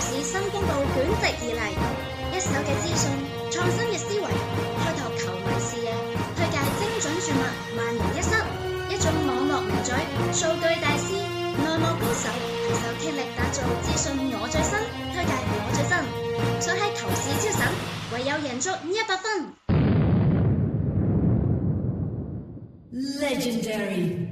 是新風暴卷席而嚟，一手嘅資訊，創新嘅思維，開拓球迷視野，推介精準注物，萬無一失。一種網絡名嘴，數據大師，內幕高手，攜手傾力打造資訊我最新，推介我最真，想喺球市超神，唯有贏足一百分。Legendary。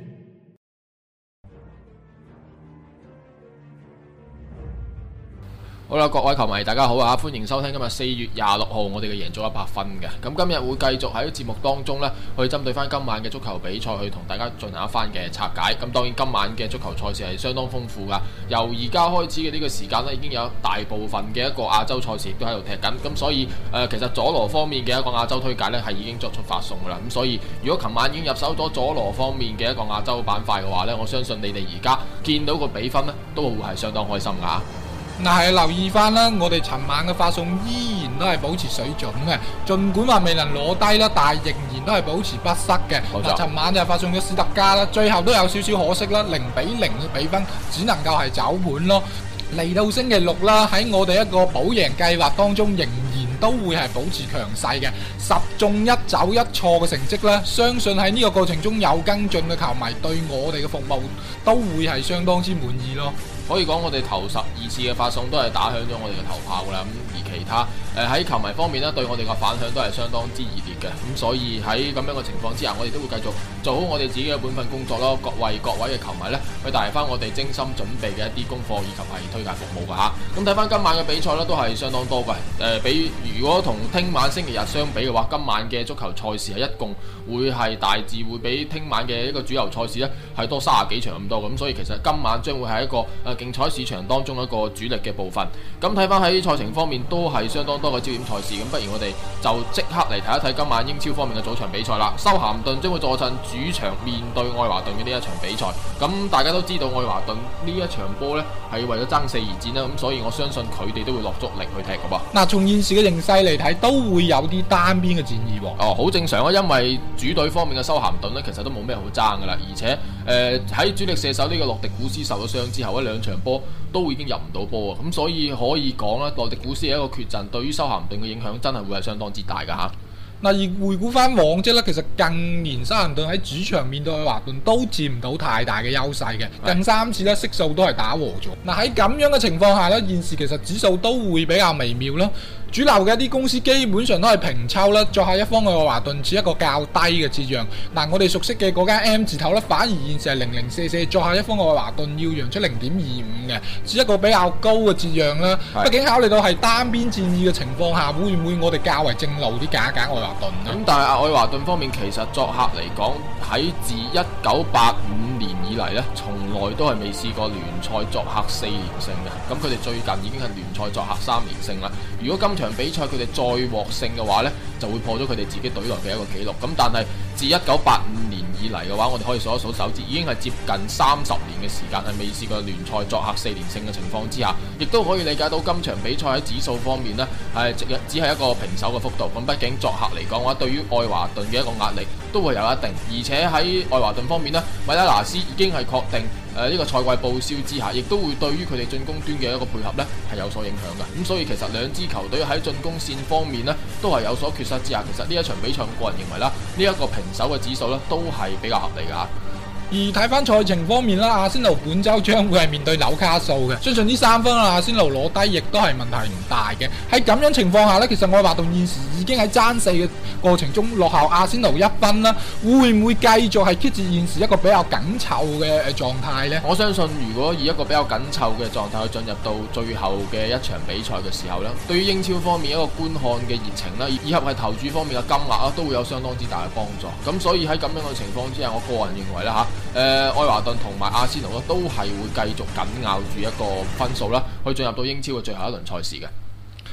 好啦，各位球迷，大家好啊！歡迎收聽今日四月廿六號我哋嘅贏足一百分嘅。咁今日會繼續喺節目當中呢，去針對翻今晚嘅足球比賽，去同大家進行一番嘅拆解。咁當然今晚嘅足球賽事係相當豐富噶。由而家開始嘅呢個時間呢，已經有大部分嘅一個亞洲賽事都喺度踢緊。咁所以誒、呃，其實佐羅方面嘅一個亞洲推介呢，係已經作出發送噶啦。咁所以如果琴晚已經入手咗佐羅方面嘅一個亞洲板塊嘅話呢，我相信你哋而家見到個比分呢，都會係相當開心噶。嗱，係留意翻啦，我哋尋晚嘅發送依然都係保持水準嘅，盡管話未能攞低啦，但係仍然都係保持不失嘅。嗱，尋晚就發送咗史特加啦，最後都有少少可惜啦，零比零嘅比分，只能夠係走盤咯。嚟到星期六啦，喺我哋一個保贏計劃當中，仍然都會係保持強勢嘅，十中一走一錯嘅成績啦，相信喺呢個過程中有跟進嘅球迷對我哋嘅服務都會係相當之滿意咯。可以講，我哋頭十二次嘅發送都係打響咗我哋嘅頭炮啦。咁而其他，誒喺、呃、球迷方面呢，對我哋嘅反響都係相當之熱烈嘅，咁、嗯、所以喺咁樣嘅情況之下，我哋都會繼續做好我哋自己嘅本份工作咯。各位各位嘅球迷呢，去帶翻我哋精心準備嘅一啲功課以及係推介服務噶吓。咁睇翻今晚嘅比賽呢，都係相當多嘅。誒、呃，比如果同聽晚星期日相比嘅話，今晚嘅足球賽事係一共會係大致會比聽晚嘅一個主流賽事呢係多三十幾場咁多，咁、嗯、所以其實今晚將會係一個誒、呃、競彩市場當中一個主力嘅部分。咁睇翻喺賽程方面都係相當。多個焦點賽事，咁不如我哋就即刻嚟睇一睇今晚英超方面嘅早場比賽啦。修咸頓將會坐鎮主場面對愛華頓嘅呢一場比賽。咁大家都知道愛華頓呢一場波呢係為咗爭四而戰啦，咁所以我相信佢哋都會落足力去踢噶噃。嗱，從現時嘅形勢嚟睇，都會有啲單邊嘅戰意。哦，好、哦、正常啊，因為主隊方面嘅修咸頓呢，其實都冇咩好爭噶啦，而且、嗯。誒喺、呃、主力射手呢個洛迪古斯受咗傷之後呢，兩場波都已經入唔到波啊！咁所以可以講啦，洛迪古斯係一個缺陣，對於修咸頓嘅影響真係會係相當之大㗎吓。嗱，而回顧翻往績呢，其實近年修咸頓喺主場面對愛華頓都佔唔到太大嘅優勢嘅，近的三次呢，色數都係打和咗。嗱，喺咁樣嘅情況下呢，現時其實指數都會比較微妙咯。主流嘅一啲公司基本上都係平抽啦，作客一方嘅愛華頓似一個較低嘅折讓。嗱，啊，我哋熟悉嘅嗰間 M 字頭咧，反而現時係零零四四，作客一方嘅愛華頓要讓出零點二五嘅，似一個比較高嘅折讓啦。畢竟考慮到係單邊戰意嘅情況下，會唔會我哋較為正路啲假假愛華頓？咁但係阿愛華頓方面，其實作客嚟講喺自一九八五。以嚟咧，從來都係未試過聯賽作客四連勝嘅。咁佢哋最近已經係聯賽作客三連勝啦。如果今場比賽佢哋再獲勝嘅話咧，就會破咗佢哋自己隊內嘅一個紀錄。咁但係自一九八五。以嚟嘅話，我哋可以數一數手指，已經係接近三十年嘅時間係未試過聯賽作客四連勝嘅情況之下，亦都可以理解到今場比賽喺指數方面呢，係只係一個平手嘅幅度。咁畢竟作客嚟講嘅話，對於愛華頓嘅一個壓力都會有一定，而且喺愛華頓方面呢，米拉拿斯已經係確定誒呢、呃呢個賽季報銷之下，亦都會對於佢哋進攻端嘅一個配合呢係有所影響嘅。咁所以其實兩支球隊喺進攻線方面呢，都係有所缺失之下，其實呢一場比賽，我個人認為啦，呢一個平手嘅指數咧，都係比較合理㗎。而睇翻賽程方面啦，阿仙奴本周將會係面對紐卡素嘅，相信呢三分阿仙奴攞低亦都係問題唔大嘅。喺咁樣情況下呢，其實愛華頓現時已經喺爭四嘅過程中落後阿仙奴一分啦，會唔會繼續係 keep 住現時一個比較緊湊嘅狀態呢？我相信如果以一個比較緊湊嘅狀態去進入到最後嘅一場比賽嘅時候呢，對於英超方面一個觀看嘅熱情啦，以及係投注方面嘅金額啊，都會有相當之大嘅幫助。咁所以喺咁樣嘅情況之下，我個人認為咧吓。誒、呃，愛華頓同埋阿仙奴都係會繼續緊咬住一個分數啦，去進入到英超嘅最後一輪賽事嘅。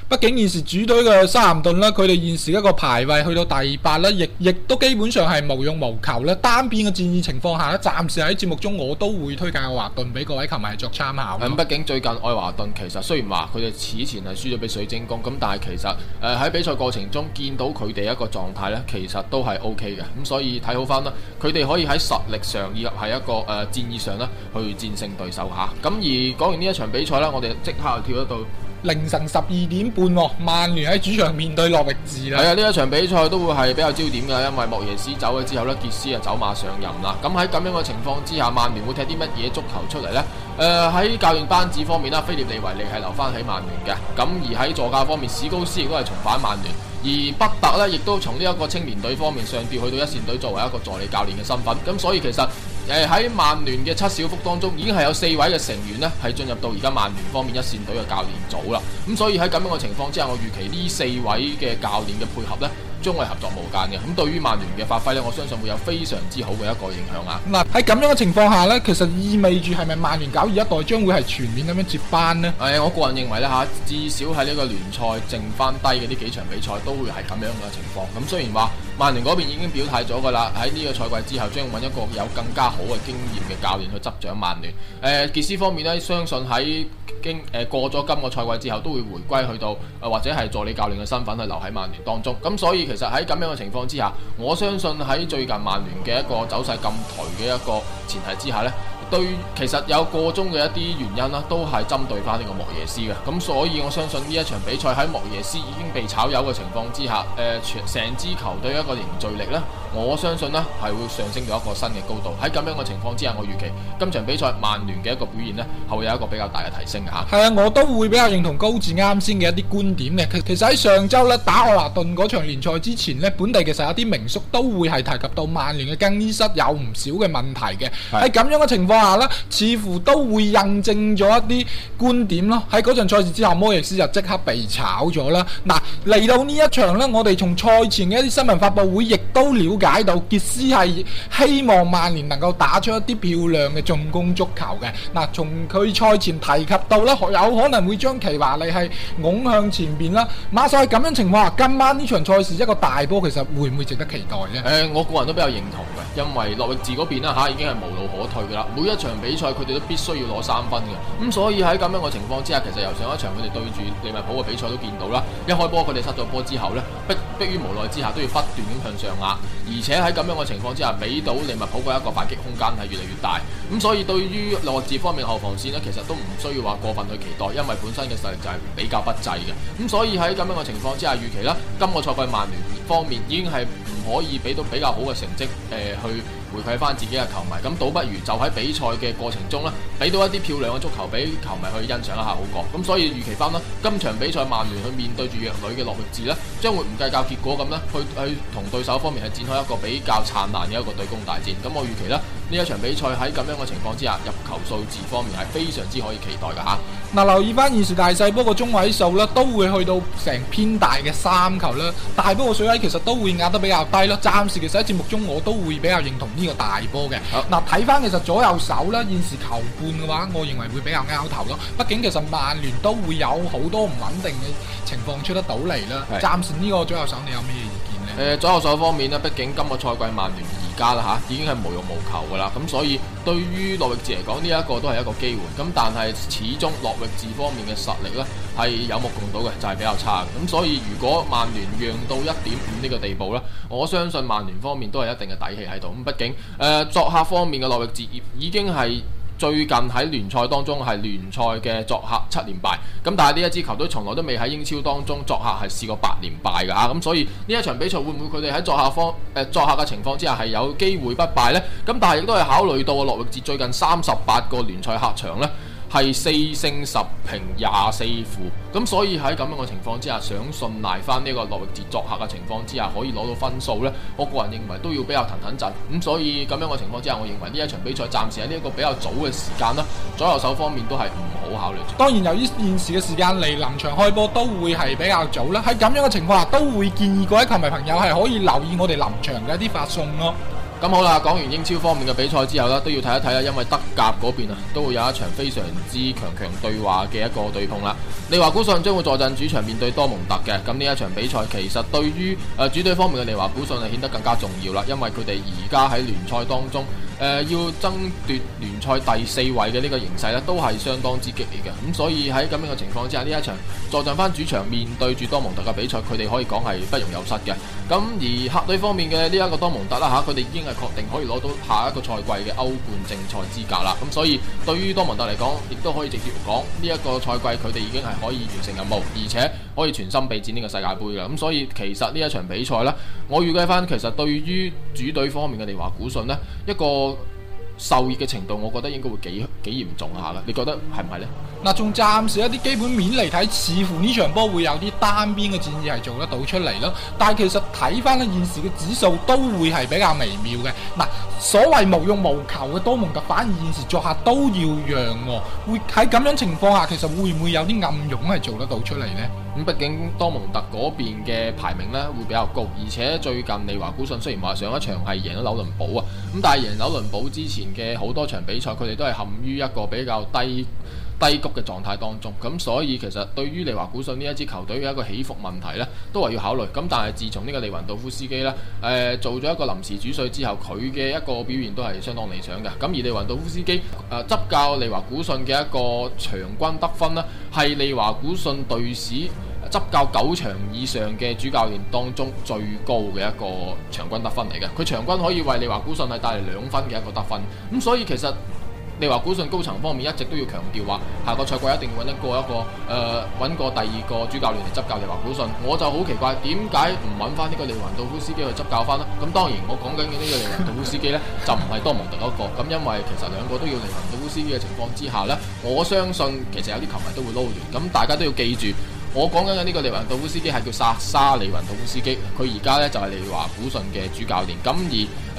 畢竟現時主隊嘅沙爾頓咧，佢哋現時一個排位，去到第八咧，亦亦都基本上係無用無求。咧，單邊嘅戰役情況下呢，暫時喺節目中我都會推介愛華頓俾各位球迷作參考啦。畢、嗯、竟最近愛華頓其實雖然話佢哋此前係輸咗俾水晶宮，咁但係其實誒喺、呃、比賽過程中見到佢哋一個狀態呢，其實都係 O K 嘅，咁所以睇好翻啦，佢哋可以喺實力上以及係一個誒、呃、戰意上呢去戰勝對手吓。咁、嗯、而講完呢一場比賽呢，我哋即刻又跳一到。凌晨十二點半，曼聯喺主場面對諾域治啦。係啊，呢一場比賽都會係比較焦點㗎，因為莫耶斯走咗之後咧，傑斯啊走馬上任啦。咁喺咁樣嘅情況之下，曼聯會踢啲乜嘢足球出嚟呢？誒、呃，喺教練班子方面啦，菲利利維利係留翻喺曼聯嘅。咁而喺助教方面，史高斯亦都係重返曼聯，而北特呢，亦都從呢一個青年隊方面上調去到一線隊作為一個助理教練嘅身份。咁所以其實。誒，喺曼聯嘅七小福當中，已經係有四位嘅成員咧，係進入到而家曼聯方面一線隊嘅教練組啦。咁所以喺咁樣嘅情況之下，我預期呢四位嘅教練嘅配合咧，將會合作無間嘅。咁對於曼聯嘅發揮咧，我相信會有非常之好嘅一個影響啊！嗱，喺咁樣嘅情況下咧，其實意味住係咪曼聯搞二一代將會係全面咁樣接班呢？誒、哎，我個人認為咧吓，至少喺呢個聯賽剩翻低嘅呢幾場比賽都會係咁樣嘅情況。咁雖然話。曼聯嗰邊已經表態咗噶啦，喺呢個賽季之後，將要揾一個有更加好嘅經驗嘅教練去執掌曼聯。誒、呃，傑斯方面呢，相信喺經誒、呃、過咗今個賽季之後，都會回歸去到誒、呃、或者係助理教練嘅身份去留喺曼聯當中。咁所以其實喺咁樣嘅情況之下，我相信喺最近曼聯嘅一個走勢咁頹嘅一個前提之下呢。對，其實有個中嘅一啲原因啦，都係針對翻呢個莫耶斯嘅，咁所以我相信呢一場比賽喺莫耶斯已經被炒魷嘅情況之下，誒、呃，全，成支球隊一個凝聚力啦。我相信呢，係會上升到一個新嘅高度。喺咁樣嘅情況之下，我預期今場比賽曼聯嘅一個表現呢，係會有一個比較大嘅提升嚇。係啊，我都會比較認同高智啱先嘅一啲觀點嘅。其實喺上週咧打愛立頓嗰場聯賽之前呢，本地其實有啲名宿都會係提及到曼聯嘅更衣室有唔少嘅問題嘅。喺咁是樣嘅情況下呢，似乎都會印證咗一啲觀點咯。喺嗰場賽事之後，摩耶斯就即刻被炒咗啦。嗱，嚟到呢一場呢，我哋從賽前嘅一啲新聞發佈會亦都了解。解到傑斯係希望曼聯能夠打出一啲漂亮嘅進攻足球嘅。嗱、啊，從佢賽前提及到啦，有可能會將其華利係拱向前邊啦。馬賽咁樣情況下，今晚呢場賽事一個大波，其實會唔會值得期待呢？誒、呃，我個人都比較認同嘅，因為諾域治嗰邊啦嚇、啊、已經係無路可退嘅啦，每一場比賽佢哋都必須要攞三分嘅。咁、嗯、所以喺咁樣嘅情況之下，其實由上一場佢哋對住利物浦嘅比賽都見到啦，一開波佢哋失咗波之後咧，逼逼於無奈之下都要不斷咁向上壓而且喺咁樣嘅情況之下，俾到利物浦嘅一個反擊空間係越嚟越大。咁所以對於落字方面後防線呢，其實都唔需要話過分去期待，因為本身嘅實力就係比較不濟嘅。咁所以喺咁樣嘅情況之下，預期咧今個賽季曼聯方面已經係唔可以俾到比較好嘅成績誒、呃、去，回饋翻自己嘅球迷，咁倒不如就喺比賽嘅過程中呢，俾到一啲漂亮嘅足球俾球迷去欣賞一下好過，咁所以預期翻啦，今場比賽曼聯去面對住弱旅嘅諾域治呢，將會唔計較結果咁呢，去去同對手方面係展開一個比較燦爛嘅一個對攻大戰，咁我預期啦。呢一場比賽喺咁樣嘅情況之下，入球數字方面係非常之可以期待㗎吓。嗱，留意翻現時大細波個中位數咧，都會去到成偏大嘅三球啦。大波個水位其實都會壓得比較低咯。暫時其實喺節目中我都會比較認同呢個大波嘅。嗱好，睇翻其實左右手啦，現時球半嘅話，我認為會比較拗頭咯。畢竟其實曼聯都會有好多唔穩定嘅情況出得到嚟啦。是暫時呢個左右手，你有咩意見？.呃、左右、手方面咧，畢竟今個賽季曼聯而家啦嚇，已經係無欲無求㗎喇，咁所以對於諾域治嚟講，呢、這、一個都係一個機會。咁但係始終諾域治方面嘅實力呢係有目共睹嘅，就係、是、比較差嘅。咁所以如果曼聯讓到一點五呢個地步呢，我相信曼聯方面都係一定嘅底氣喺度。咁、嗯、畢竟誒、呃、作客方面嘅諾域治已，已經係。最近喺聯賽當中係聯賽嘅作客七連敗，咁但係呢一支球隊從來都未喺英超當中作客係試過八連敗㗎吓，咁、啊、所以呢一場比賽會唔會佢哋喺作客方誒、呃、作客嘅情況之下係有機會不敗呢？咁但係亦都係考慮到啊，諾域治最近三十八個聯賽客場呢，係四勝十平廿四負，咁所以喺咁樣嘅情況之下，想信賴翻呢個諾域治作客嘅情況之下，可以攞到分數呢，我個人認為都要比較騰騰震，咁所以咁樣嘅情況之下，我認為呢一場比賽暫時喺呢一個比較早嘅時間啦，左右手方面都係唔好考慮住。當然，由於現時嘅時間嚟，臨場開波都會係比較早啦，喺咁樣嘅情況下，都會建議各位球迷朋友係可以留意我哋臨場嘅一啲發送咯。咁好啦，講完英超方面嘅比賽之後咧，都要睇一睇啦，因為德甲嗰邊啊，都會有一場非常之強強對話嘅一個對碰啦。利華古遜將會坐鎮主場面對多蒙特嘅，咁呢一場比賽其實對於誒、呃、主隊方面嘅利華古遜啊，顯得更加重要啦，因為佢哋而家喺聯賽當中，呃、要爭奪聯賽第四位嘅呢個形勢咧，都係相當之激烈嘅。咁、嗯、所以喺咁樣嘅情況之下，呢一場坐鎮翻主場面對住多蒙特嘅比賽，佢哋可以講係不容有失嘅。咁、嗯、而客隊方面嘅呢一個多蒙特啦吓，佢、啊、哋已經係確定可以攞到下一個賽季嘅歐冠正賽資格啦。咁、嗯、所以對於多蒙特嚟講，亦都可以直接講，呢、這、一個賽季佢哋已經係可以完成任務，而且。可以全心備戰呢個世界杯啦，咁所以其實呢一場比賽呢，我預計翻其實對於主隊方面嘅利華古遜呢一個受熱嘅程度，我覺得應該會幾幾嚴重下啦。你覺得係唔係咧？嗱，從暫時一啲基本面嚟睇，似乎呢場波會有啲單邊嘅戰意係做得到出嚟咯。但係其實睇翻咧現時嘅指數都會係比較微妙嘅。嗱，所謂無欲無求嘅多蒙特，反而現時作客都要讓，會喺咁樣情況下，其實會唔會有啲暗湧係做得到出嚟呢？咁畢竟多蒙特嗰邊嘅排名咧會比較高，而且最近利華古信雖然話上一場係贏咗紐倫堡啊，咁但係贏紐倫堡之前嘅好多場比賽，佢哋都係陷於一個比較低低谷嘅狀態當中。咁所以其實對於利華古信呢一支球隊嘅一個起伏問題呢，都係要考慮。咁但係自從呢個利雲道夫斯基呢，誒、呃、做咗一個臨時主帥之後，佢嘅一個表現都係相當理想嘅。咁而利雲道夫斯基誒、執教利華古信嘅一個場均得分呢，係利華古信隊史，執教九場以上嘅主教練當中最高嘅一個場均得分嚟嘅，佢場均可以為利華古信係帶嚟兩分嘅一個得分。咁所以其實利華古信高層方面一直都要強調話，下個賽季一定要搵一個、呃、一個誒搵個第二個主教練嚟執教利華古信。我就好奇怪，點解唔搵翻呢個利雲道夫斯基去執教翻呢？咁當然，我講緊嘅呢個利雲道夫斯基呢，就唔係多蒙特一個。咁因為其實兩個都要利雲道夫斯基嘅情況之下呢，我相信其實有啲球迷都會撈亂。咁大家都要記住。我講緊嘅呢個利雲道夫斯基係叫沙沙利雲道夫斯基，佢而家呢就係利華古信嘅主教練。咁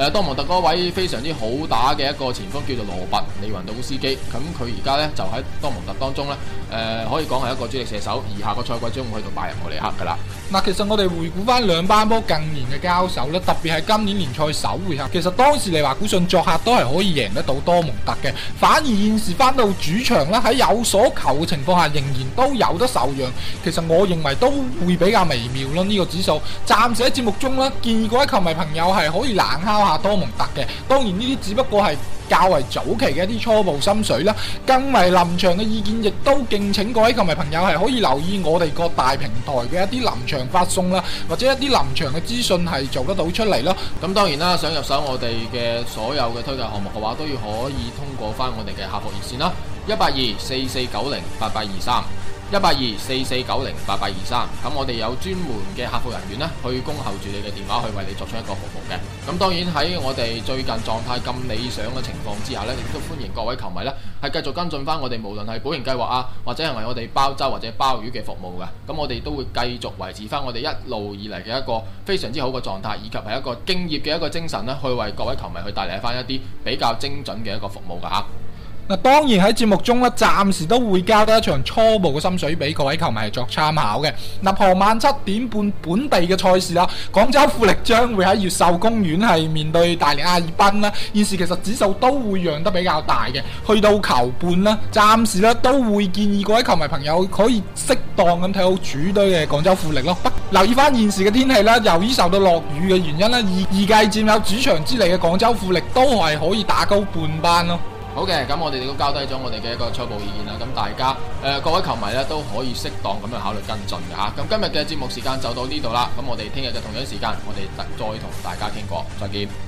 而誒多蒙特嗰位非常之好打嘅一個前鋒叫做羅拔利雲道夫斯基，咁佢而家呢就喺多蒙特當中呢，誒、呃、可以講係一個主力射手。而下個賽季將會去到拜仁慕尼黑噶啦。嗱，其實我哋回顧翻兩班波近年嘅交手呢，特別係今年聯賽首回合，其實當時利華古信作客都係可以贏得到多蒙特嘅，反而現時翻到主場呢，喺有所求嘅情況下，仍然都有得受讓。其實我認為都會比較微妙咯，呢個指數暫時喺節目中啦。建議各位球迷朋友係可以冷敲下多蒙特嘅。當然呢啲只不過係較為早期嘅一啲初步心水啦。更為臨場嘅意見，亦都敬請各位球迷朋友係可以留意我哋各大平台嘅一啲臨場發送啦，或者一啲臨場嘅資訊係做得到出嚟咯。咁當然啦，想入手我哋嘅所有嘅推介項目嘅話，都要可以通過翻我哋嘅客服熱線啦，一八二四四九零八八二三。一八二四四九零八八二三，咁我哋有專門嘅客服人員呢，去恭候住你嘅電話，去為你作出一個服務嘅。咁當然喺我哋最近狀態咁理想嘅情況之下呢，亦都歡迎各位球迷呢，係繼續跟進翻我哋無論係保盈計劃啊，或者係我哋包周或者包月嘅服務嘅。咁我哋都會繼續維持翻我哋一路以嚟嘅一個非常之好嘅狀態，以及係一個敬業嘅一個精神呢，去為各位球迷去帶嚟翻一啲比較精準嘅一個服務噶吓。嗱，當然喺節目中咧，暫時都會交得一場初步嘅心水畀各位球迷作參考嘅。嗱，傍晚七點半本地嘅賽事啦，廣州富力將會喺越秀公園係面對大連阿爾濱啦。現時其實指數都會讓得比較大嘅，去到球半啦，暫時咧都會建議各位球迷朋友可以適當咁睇好主隊嘅廣州富力咯。留意翻現時嘅天氣啦，由於受到落雨嘅原因咧，二二屆佔有主場之利嘅廣州富力都係可以打高半班咯。好嘅，咁、okay, 我哋亦都交低咗我哋嘅一個初步意見啦。咁大家誒、呃、各位球迷咧都可以適當咁樣考慮跟進嘅嚇。咁、啊、今日嘅節目時間就到呢度啦。咁我哋聽日嘅同樣時間，我哋再同大家傾過，再見。